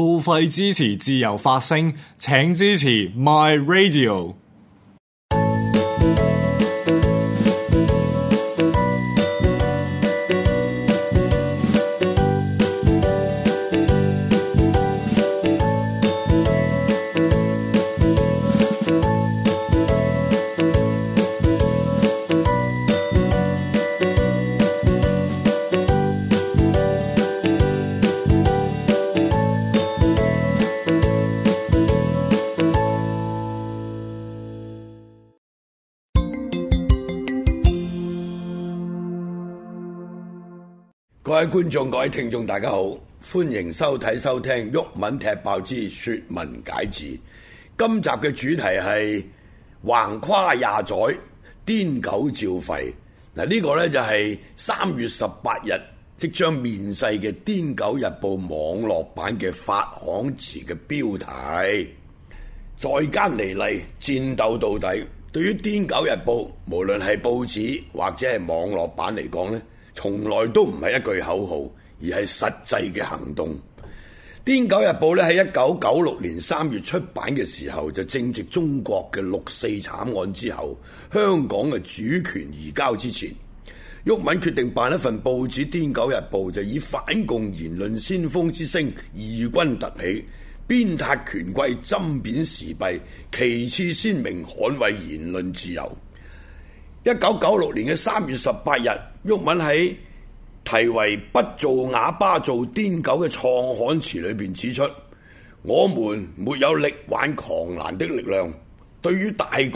付費支持自由發聲，請支持 My Radio。各位觀眾、各位聽眾，大家好，歡迎收睇、收聽《毓民踢爆之說文解字》。今集嘅主題係橫跨廿載，癲狗照吠。嗱，呢、這個呢，就係三月十八日即將面世嘅《癲狗日報》網絡版嘅發行詞嘅標題。再加離例，戰鬥到底。對於《癲狗日報》，無論係報紙或者係網絡版嚟講咧。從來都唔係一句口號，而係實際嘅行動。《癲狗日報》咧喺一九九六年三月出版嘅時候，就正值中國嘅六四慘案之後，香港嘅主權移交之前，毓民決定辦一份報紙《癲狗日報》，就以反共言論先鋒之聲，異軍突起，鞭撻權貴，針砭時弊，旗幟鮮明捍衛言論自由。一九九六年嘅三月十八日，毓民喺題為《不做啞巴做癲狗》嘅創刊詞裏邊指出：我們沒有力挽狂瀾的力量，對於大局，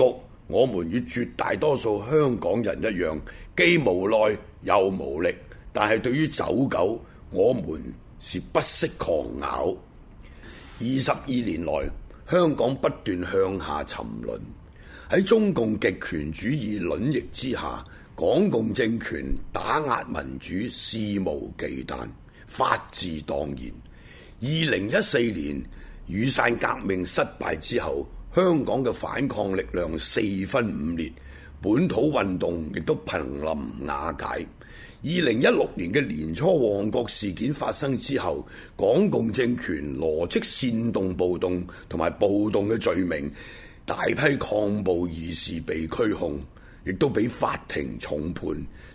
我們與絕大多數香港人一樣，既無奈又無力。但係對於走狗，我們是不惜狂咬。二十二年來，香港不斷向下沉淪。喺中共極權主義卵翼之下，港共政權打壓民主肆無忌憚，法治蕩然。二零一四年雨傘革命失敗之後，香港嘅反抗力量四分五裂，本土運動亦都瀕臨瓦解。二零一六年嘅年初旺角事件發生之後，港共政權羅織煽動暴動同埋暴動嘅罪名。大批抗暴義士被拘控，亦都被法庭重判，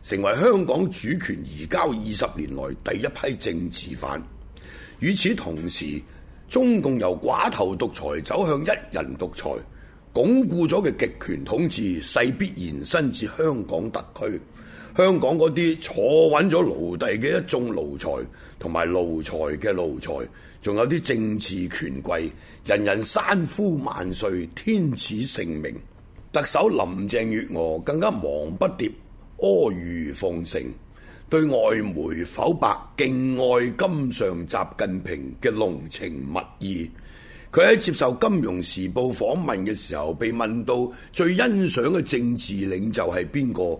成為香港主權移交二十年來第一批政治犯。與此同時，中共由寡頭獨裁走向一人獨裁，鞏固咗嘅極權統治勢必延伸至香港特區。香港嗰啲坐穩咗奴隸嘅一眾奴才，同埋奴才嘅奴才，仲有啲政治權貴，人人山呼萬歲，天子成名。特首林鄭月娥更加忙不迭，阿諛奉承，對外媒剖白敬愛今上習近平嘅濃情蜜意。佢喺接受《金融時報》訪問嘅時候，被問到最欣賞嘅政治領袖係邊個？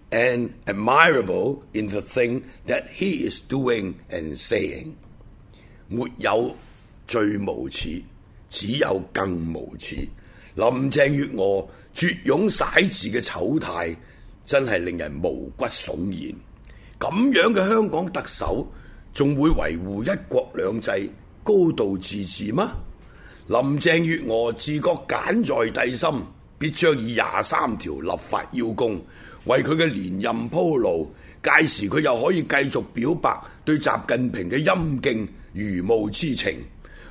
and admirable in the thing that he is doing and saying。沒有最無恥，只有更無恥。林鄭月娥吮癰舐痔嘅醜態，真係令人毛骨悚然。咁樣嘅香港特首，仲會維護一國兩制、高度自治嗎？林鄭月娥自覺簡在帝心，必將以廿三條立法邀功。為佢嘅連任鋪路，屆時佢又可以繼續表白對習近平嘅欽敬、如沐之情。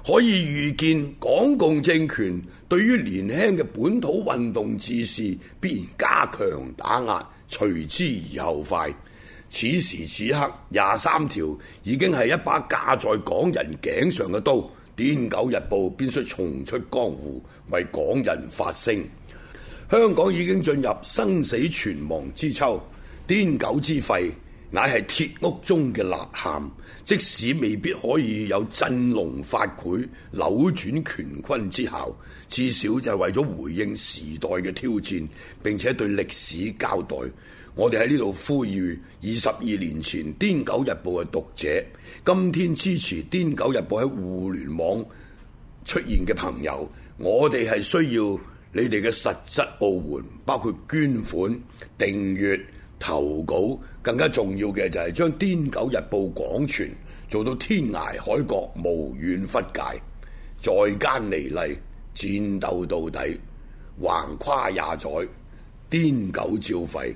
可以預見，港共政權對於年輕嘅本土運動志士必然加強打壓，隨之而後快。此時此刻，廿三條已經係一把架在港人頸上嘅刀，《癲狗日報》必須重出江湖，為港人發聲。香港已經進入生死存亡之秋，《癲狗之吠》乃係鐵屋中嘅吶喊。即使未必可以有振聾發聵、扭轉乾坤之效，至少就係為咗回應時代嘅挑戰，並且對歷史交代。我哋喺呢度呼籲二十二年前《癲狗日報》嘅讀者，今天支持《癲狗日報》喺互聯網出現嘅朋友，我哋係需要。你哋嘅實質奧援，包括捐款、訂閱、投稿，更加重要嘅就係將《癲狗日報》廣傳，做到天涯海角無遠弗屆。再艱離離戰鬥到底，橫跨廿載，癲狗照吠。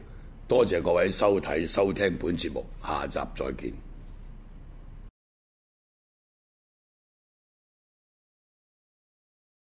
多謝各位收睇收聽本節目，下集再見。